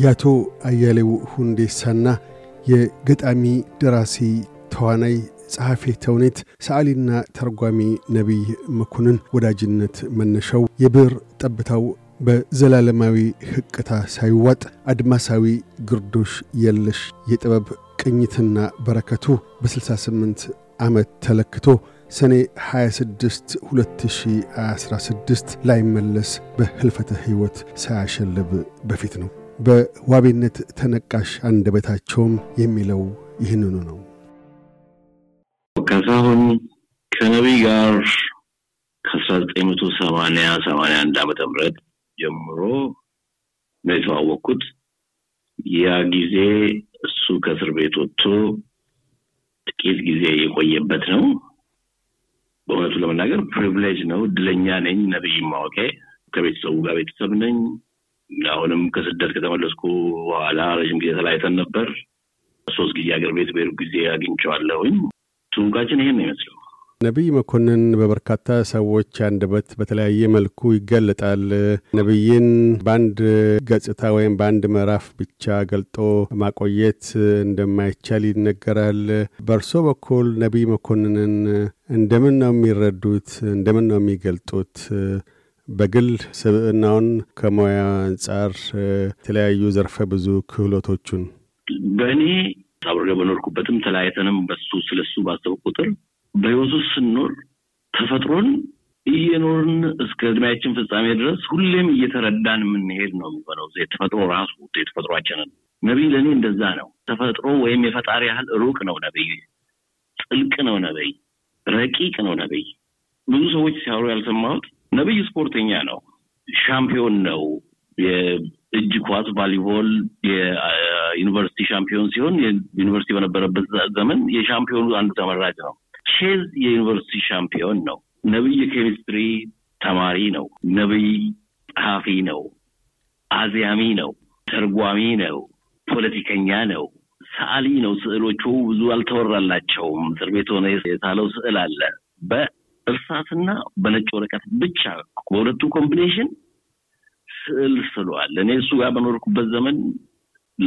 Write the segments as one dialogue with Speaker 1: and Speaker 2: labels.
Speaker 1: የአቶ አያሌው ሁንዴሳና የገጣሚ ደራሲ ተዋናይ ጸሐፌ ተውኔት ሰዓሊና ተርጓሚ ነቢይ መኮንን ወዳጅነት መነሻው የብር ጠብታው በዘላለማዊ ሕቅታ ሳይዋጥ አድማሳዊ ግርዶሽ የለሽ የጥበብ ቅኝትና በረከቱ በ68 ዓመት ተለክቶ ሰኔ 26 2016 ላይመለስ በህልፈተ ሕይወት ሳያሸልብ በፊት ነው። በዋቢነት ተነቃሽ አንደበታቸውም የሚለው ይህንኑ ነው።
Speaker 2: ከሳሁን ከነቢይ ጋር ከአስራ ዘጠኝ መቶ አንድ ዓመተ ምህረት ጀምሮ ነው የተዋወቅኩት። ያ ጊዜ እሱ ከእስር ቤት ወጥቶ ጥቂት ጊዜ የቆየበት ነው። በእውነቱ ለመናገር ፕሪቪሌጅ ነው፣ እድለኛ ነኝ። ነቢይ ማወቄ ከቤተሰቡ ጋር ቤተሰብ ነኝ አሁንም ከስደት ከተመለስኩ በኋላ ረዥም ጊዜ ተለያይተን ነበር። ሶስት ጊዜ አገር ቤት በሄዱ ጊዜ አግኝቸዋለሁኝ። ትውውቃችን ይሄን ነው ይመስለው።
Speaker 1: ነቢይ መኮንን በበርካታ ሰዎች አንደበት በተለያየ መልኩ ይገለጣል። ነቢይን በአንድ ገጽታ ወይም በአንድ ምዕራፍ ብቻ ገልጦ ማቆየት እንደማይቻል ይነገራል። በእርሶ በኩል ነቢይ መኮንንን እንደምን ነው የሚረዱት? እንደምን ነው የሚገልጡት? በግል ስብዕናውን ከሙያ አንጻር የተለያዩ ዘርፈ ብዙ ክህሎቶቹን
Speaker 2: በእኔ አብሬ በኖርኩበትም ተለያይተንም በሱ ስለሱ ባሰብኩ ቁጥር በህይወቱ ስኖር ተፈጥሮን እየኖርን እስከ እድሜያችን ፍጻሜ ድረስ ሁሌም እየተረዳን የምንሄድ ነው የሚሆነው። የተፈጥሮ ራሱ የተፈጥሯችንን ነቢይ ለእኔ እንደዛ ነው። ተፈጥሮ ወይም የፈጣሪ ያህል ሩቅ ነው ነቢይ፣ ጥልቅ ነው ነቢይ፣ ረቂቅ ነው ነቢይ። ብዙ ሰዎች ሲያወሩ ያልሰማሁት ነብይ ስፖርተኛ ነው፣ ሻምፒዮን ነው። የእጅ ኳስ፣ ቫሊቦል የዩኒቨርሲቲ ሻምፒዮን ሲሆን ዩኒቨርሲቲ በነበረበት ዘመን የሻምፒዮኑ አንዱ ተመራጭ ነው። ሼዝ የዩኒቨርሲቲ ሻምፒዮን ነው። ነብይ የኬሚስትሪ ተማሪ ነው። ነብይ ጸሐፊ ነው። አዚያሚ ነው። ተርጓሚ ነው። ፖለቲከኛ ነው። ሰዓሊ ነው። ስዕሎቹ ብዙ አልተወራላቸውም። እስር ቤት ሆነ የሳለው ስዕል አለ በ እርሳስና በነጭ ወረቀት ብቻ በሁለቱ ኮምቢኔሽን ስዕል ስሏል። እኔ እሱ ጋር በኖርኩበት ዘመን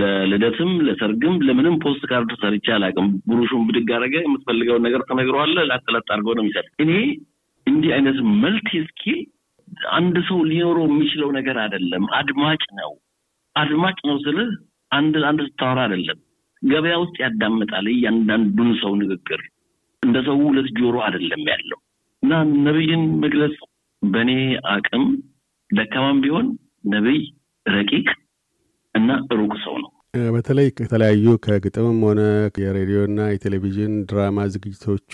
Speaker 2: ለልደትም ለሰርግም ለምንም ፖስት ካርድ ሰርቼ አላውቅም። ብሩሹን ብድግ አደረገ፣ የምትፈልገውን ነገር ተነግረዋለ፣ ላጥለጥ አድርገው ነው የሚሰጥ። እኔ እንዲህ አይነት መልቲ ስኪል አንድ ሰው ሊኖረው የሚችለው ነገር አይደለም። አድማጭ ነው። አድማጭ ነው ስልህ አንድ አንድ ስታወራ አይደለም፣ ገበያ ውስጥ ያዳምጣል። እያንዳንዱን ሰው ንግግር እንደ ሰው ሁለት ጆሮ አይደለም ያለው እና ነብይን መግለጽ በእኔ አቅም ደካማም ቢሆን ነብይ ረቂቅ እና
Speaker 1: ሩቅ ሰው ነው። በተለይ ከተለያዩ ከግጥምም ሆነ የሬዲዮና የቴሌቪዥን ድራማ ዝግጅቶቹ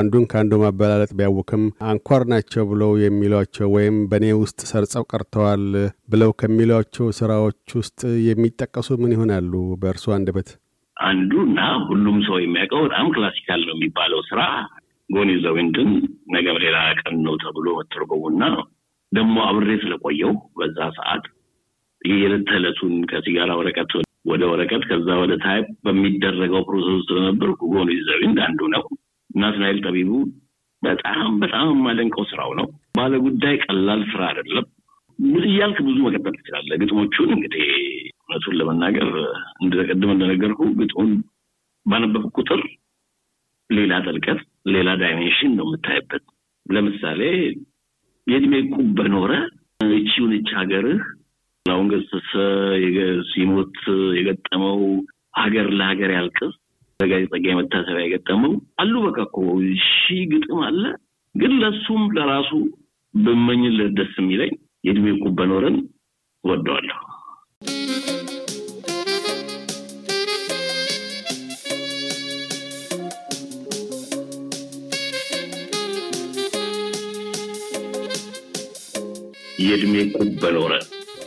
Speaker 1: አንዱን ከአንዱ ማበላለጥ ቢያውቅም አንኳር ናቸው ብለው የሚሏቸው ወይም በእኔ ውስጥ ሰርጸው ቀርተዋል ብለው ከሚሏቸው ስራዎች ውስጥ የሚጠቀሱ ምን ይሆናሉ? በእርሱ በት
Speaker 2: አንዱ እና ሁሉም ሰው የሚያውቀው በጣም ክላሲካል ነው የሚባለው ስራ ጎን ይዘው እንድን ነገም ሌላ ቀን ነው ተብሎ መተርጎሙና ደግሞ አብሬ ስለቆየው በዛ ሰዓት የዕለት ተዕለቱን ከሲጋራ ወረቀት ወደ ወረቀት ከዛ ወደ ታይፕ በሚደረገው ፕሮሰስ ስለነበር ጎን ይዘው አንዱ ነው እና እስራኤል ጠቢቡ በጣም በጣም የማደንቀው ስራው ነው። ባለ ጉዳይ ቀላል ስራ አይደለም። እያልክ ብዙ መቀጠል ትችላለ ግጥሞቹን እንግዲህ እውነቱን ለመናገር እንደቀድም እንደነገርኩ ግጥሙን ባነበብኩ ቁጥር ሌላ ጥልቀት ሌላ ዳይሜንሽን ነው የምታይበት። ለምሳሌ የእድሜ ቁብ በኖረ እቺውን እች ሀገርህ አሁን ገሰሰ ሲሞት የገጠመው ሀገር ለሀገር ያልቅስ ዘጋጅ መታሰቢያ የገጠመው አሉ በቃ እኮ ሺ ግጥም አለ። ግን ለሱም ለራሱ ብመኝለት ደስ የሚለኝ የእድሜ ቁብ በኖረን ወደዋለሁ። የዕድሜ ቁብ በኖረ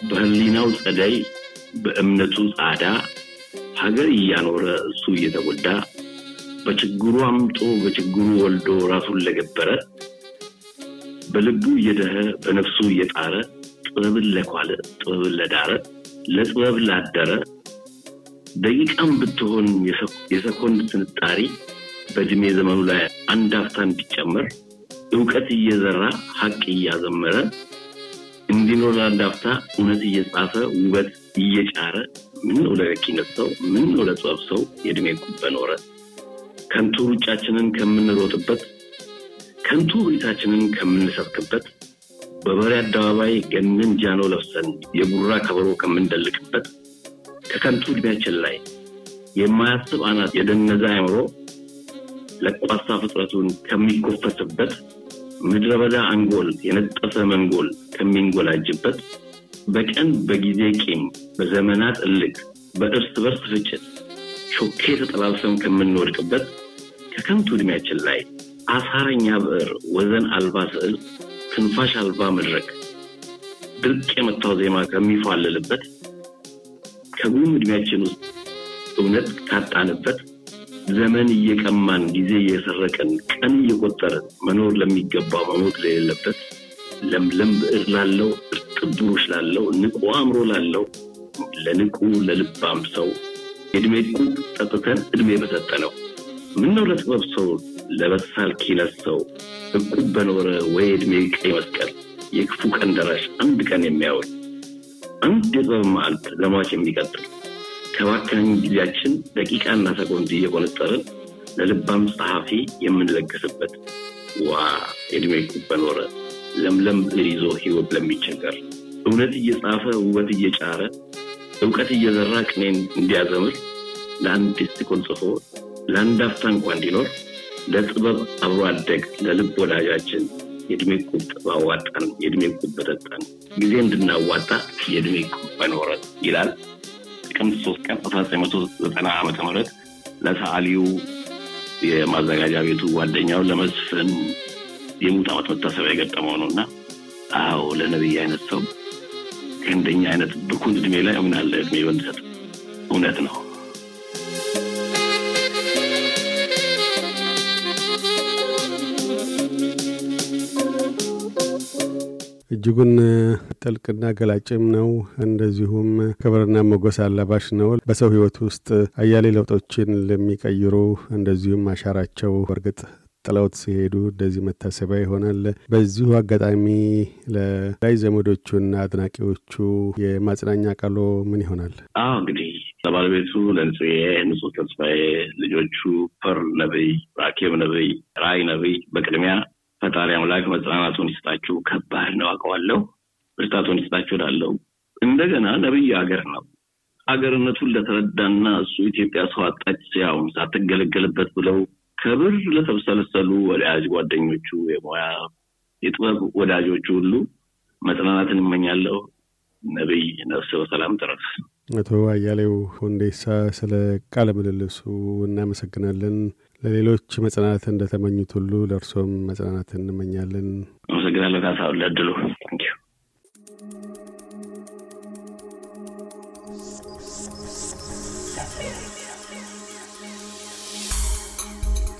Speaker 2: በህሊናው ጸዳይ በእምነቱ ጻዳ ሀገር እያኖረ እሱ እየተጎዳ በችግሩ አምጦ በችግሩ ወልዶ ራሱን ለገበረ በልቡ እየደኸ በነፍሱ እየጣረ ጥበብን ለኳለ ጥበብን ለዳረ ለጥበብ ላደረ ደቂቃም ብትሆን የሰኮንድ ትንጣሪ በእድሜ ዘመኑ ላይ አንድ አፍታ እንዲጨመር እውቀት እየዘራ ሀቅ እያዘመረ እንዲኖር አዳፍታ እውነት እየጻፈ ውበት እየጫረ ምን ነው ለረኪነት ሰው ምን ነው ለጸብ ሰው የድሜ ጉብ በኖረ ከንቱ ሩጫችንን ከምንሮጥበት ከንቱ ብሪታችንን ከምንሰብክበት በበሬ አደባባይ ገንን ጃኖ ለብሰን የጉራ ከበሮ ከምንደልቅበት ከከንቱ እድሜያችን ላይ የማያስብ አናት የደነዘ አይምሮ ለቋሳ ፍጥረቱን ከሚኮፈትበት ምድረ በዳ አንጎል የነጠፈ መንጎል ከሚንጎላጅበት በቀን በጊዜ ቂም በዘመናት እልቅ በእርስ በርስ ፍጭት ሾኬ ተጠላልሰን ከምንወድቅበት ከከንቱ ዕድሜያችን ላይ አሳረኛ ብዕር ወዘን አልባ ስዕል ትንፋሽ አልባ መድረክ ድርቅ የመታው ዜማ ከሚፏልልበት ከጉም ዕድሜያችን ውስጥ እውነት ካጣንበት ዘመን እየቀማን ጊዜ እየሰረቀን ቀን እየቆጠረን መኖር ለሚገባ መሞት ለሌለበት ለምለም ብዕር ላለው እርጥብሮች ላለው ንቁ አእምሮ ላለው ለንቁ ለልባም ሰው እድሜ ቁብ ጠጥተን እድሜ በሰጠነው ምነው ለጥበብ ሰው ለበሳል ኪነት ሰው እቁ በኖረ ወይ እድሜ ቀይ መስቀል የክፉ ቀን ደራሽ አንድ ቀን የሚያውል አንድ የጥበብ መዓልት ለማች የሚቀጥል ከባካኝ ጊዜያችን ደቂቃና ሰኮንድ እየቆነጠርን ለልባም ጸሐፊ የምንለግስበት ዋ እድሜ በኖረ ለምለም ሪዞ ህይወት ለሚቸገር እውነት እየጻፈ ውበት እየጫረ እውቀት እየዘራ ቅኔን እንዲያዘምር ለአንድ ስቲኮን ጽፎ ለአንድ አፍታ እንኳ እንዲኖር ለጥበብ አብሮ አደግ ለልብ ወዳጃችን የድሜ ቁብ ባዋጣን የድሜ ቁብ በጠጣን ጊዜ እንድናዋጣ የድሜ ቁብ በኖረ ይላል። ጥቅምት ሶስት ቀን 1990 ዓ ም ለሰአሊው የማዘጋጃ ቤቱ ጓደኛው ለመስፍን የሙት ዓመት መታሰቢያ የገጠመው ነው እና አዎ ለነብይ አይነት ሰው ከእንደኛ አይነት ብኩን እድሜ ላይ እምናለ እድሜ በንሰጥ እውነት ነው።
Speaker 1: እጅጉን ጥልቅና ገላጭም ነው። እንደዚሁም ክብርና ሞገስ አላባሽ ነው። በሰው ሕይወት ውስጥ አያሌ ለውጦችን ለሚቀይሩ እንደዚሁም አሻራቸው እርግጥ ጥለውት ሲሄዱ እንደዚህ መታሰቢያ ይሆናል። በዚሁ አጋጣሚ ለላይ ዘመዶቹና አድናቂዎቹ የማጽናኛ ቃሎ ምን ይሆናል?
Speaker 2: አዎ እንግዲህ ለባለቤቱ ለንጽዬ ንጹህ ተስፋዬ፣ ልጆቹ ፐር ነብይ፣ ራኬብ ነብይ፣ ራይ ነብይ በቅድሚያ ፈጣሪ አምላክ መጽናናቱን ይስጣችሁ። ከባድ ነው አውቀዋለሁ። ብርታቱን ይስጣችሁ እላለሁ። እንደገና ነብይ ሀገር ነው። አገርነቱን ለተረዳና እሱ ኢትዮጵያ ሰው አጣች ሲያውን ሳትገለገልበት ብለው ከብር ለተብሰለሰሉ ወዳጅ ጓደኞቹ፣ የሙያ የጥበብ ወዳጆቹ ሁሉ መጽናናትን እመኛለሁ። ነቢይ ነፍስ በሰላም ትረፍ።
Speaker 1: አቶ አያሌው ሆንዴሳ ስለ ቃለ ምልልሱ እናመሰግናለን። ለሌሎች መጽናናት እንደተመኙት ሁሉ ለእርሶም መጽናናት እንመኛለን። አመሰግናለሁ
Speaker 2: ካሳሁን ለድሉ።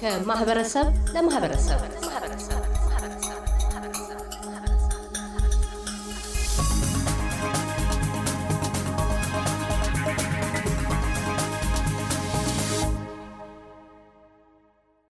Speaker 1: ከማህበረሰብ ለማህበረሰብ